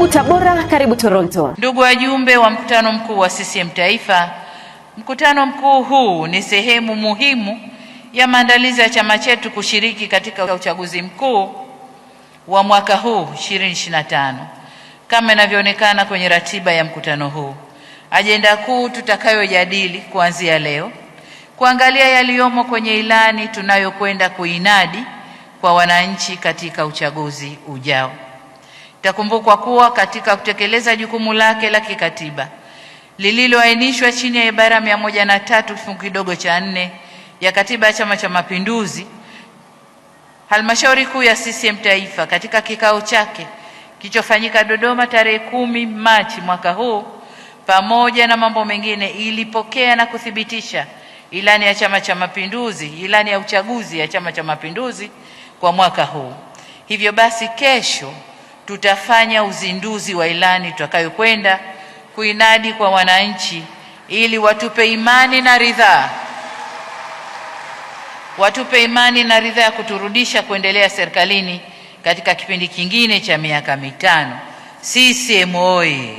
Karibu Tabora, karibu Toronto. Ndugu wajumbe wa mkutano mkuu wa CCM Taifa, mkutano mkuu huu ni sehemu muhimu ya maandalizi ya chama chetu kushiriki katika uchaguzi mkuu wa mwaka huu 2025 kama inavyoonekana kwenye ratiba ya mkutano huu. Ajenda kuu tutakayojadili kuanzia leo, kuangalia yaliyomo kwenye ilani tunayokwenda kuinadi kwa wananchi katika uchaguzi ujao. Itakumbukwa kuwa katika kutekeleza jukumu lake la kikatiba lililoainishwa chini ya ibara ya mia moja na tatu kifungu kidogo cha nne ya katiba ya Chama cha Mapinduzi, halmashauri kuu ya CCM Taifa katika kikao chake kilichofanyika Dodoma tarehe kumi Machi mwaka huu, pamoja na mambo mengine, ilipokea na kuthibitisha ilani ya Chama cha Mapinduzi, ilani ya uchaguzi ya Chama cha Mapinduzi kwa mwaka huu. Hivyo basi kesho tutafanya uzinduzi wa ilani tutakayokwenda kuinadi kwa wananchi ili watupe imani na ridhaa, watupe imani na ridhaa ya kuturudisha kuendelea serikalini katika kipindi kingine cha miaka mitano. CCM oyee!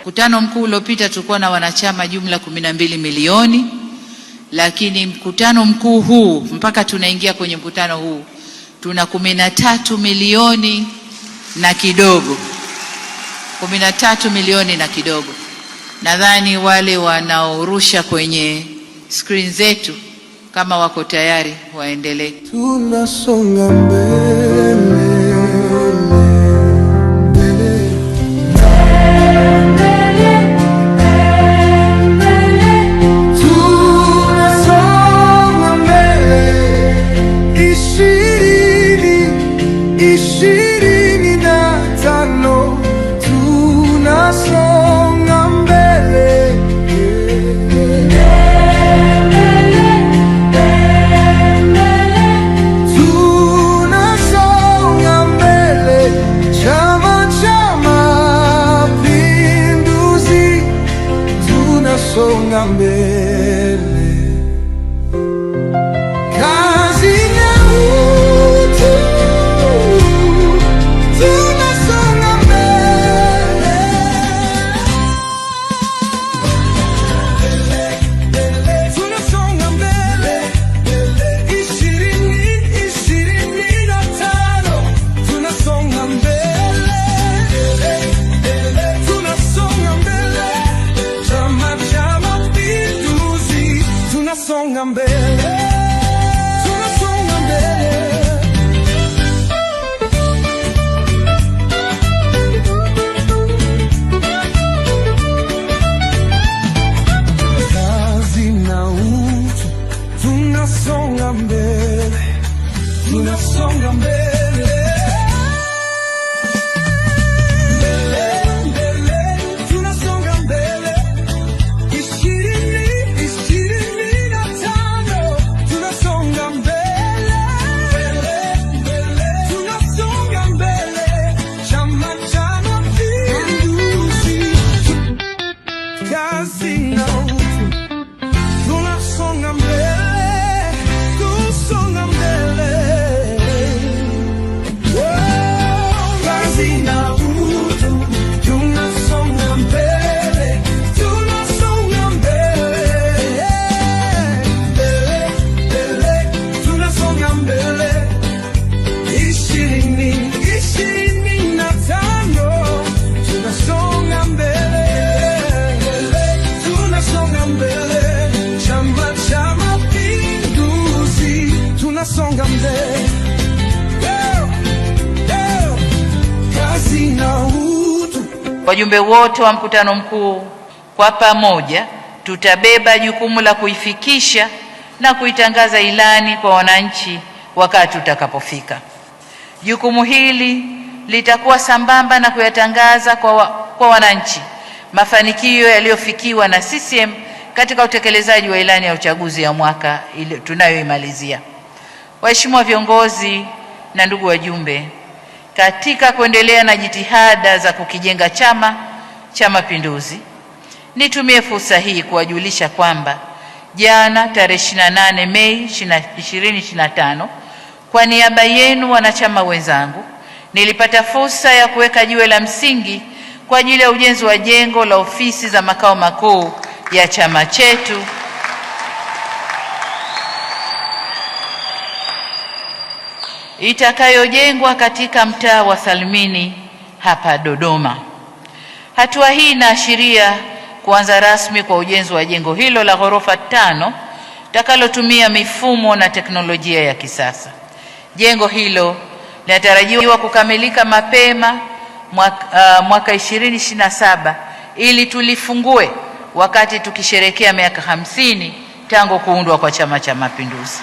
Mkutano mkuu uliopita tulikuwa na wanachama jumla 12 milioni, lakini mkutano mkuu huu mpaka tunaingia kwenye mkutano huu tuna 13 milioni na kidogo, kumi na tatu milioni na kidogo. Nadhani wale wanaorusha kwenye screen zetu kama wako tayari waendelee, tunasonga mbele. song I'm bad. Una song I'm Wajumbe wote wa mkutano mkuu kwa pamoja tutabeba jukumu la kuifikisha na kuitangaza ilani kwa wananchi wakati utakapofika. Jukumu hili litakuwa sambamba na kuyatangaza kwa, wa, kwa wananchi mafanikio yaliyofikiwa na CCM katika utekelezaji wa ilani ya uchaguzi ya mwaka tunayoimalizia. Waheshimiwa viongozi na ndugu wajumbe katika kuendelea na jitihada za kukijenga Chama cha Mapinduzi, nitumie fursa hii kuwajulisha kwamba jana tarehe 28 Mei 2025, kwa niaba yenu wanachama wenzangu, nilipata fursa ya kuweka jiwe la msingi kwa ajili ya ujenzi wa jengo la ofisi za makao makuu ya chama chetu. itakayojengwa katika mtaa wa Salimini hapa Dodoma. Hatua hii inaashiria kuanza rasmi kwa ujenzi wa jengo hilo la ghorofa tano takalotumia mifumo na teknolojia ya kisasa. Jengo hilo linatarajiwa kukamilika mapema mwaka, uh, mwaka 2027 ili tulifungue wakati tukisherekea miaka hamsini tangu kuundwa kwa Chama cha Mapinduzi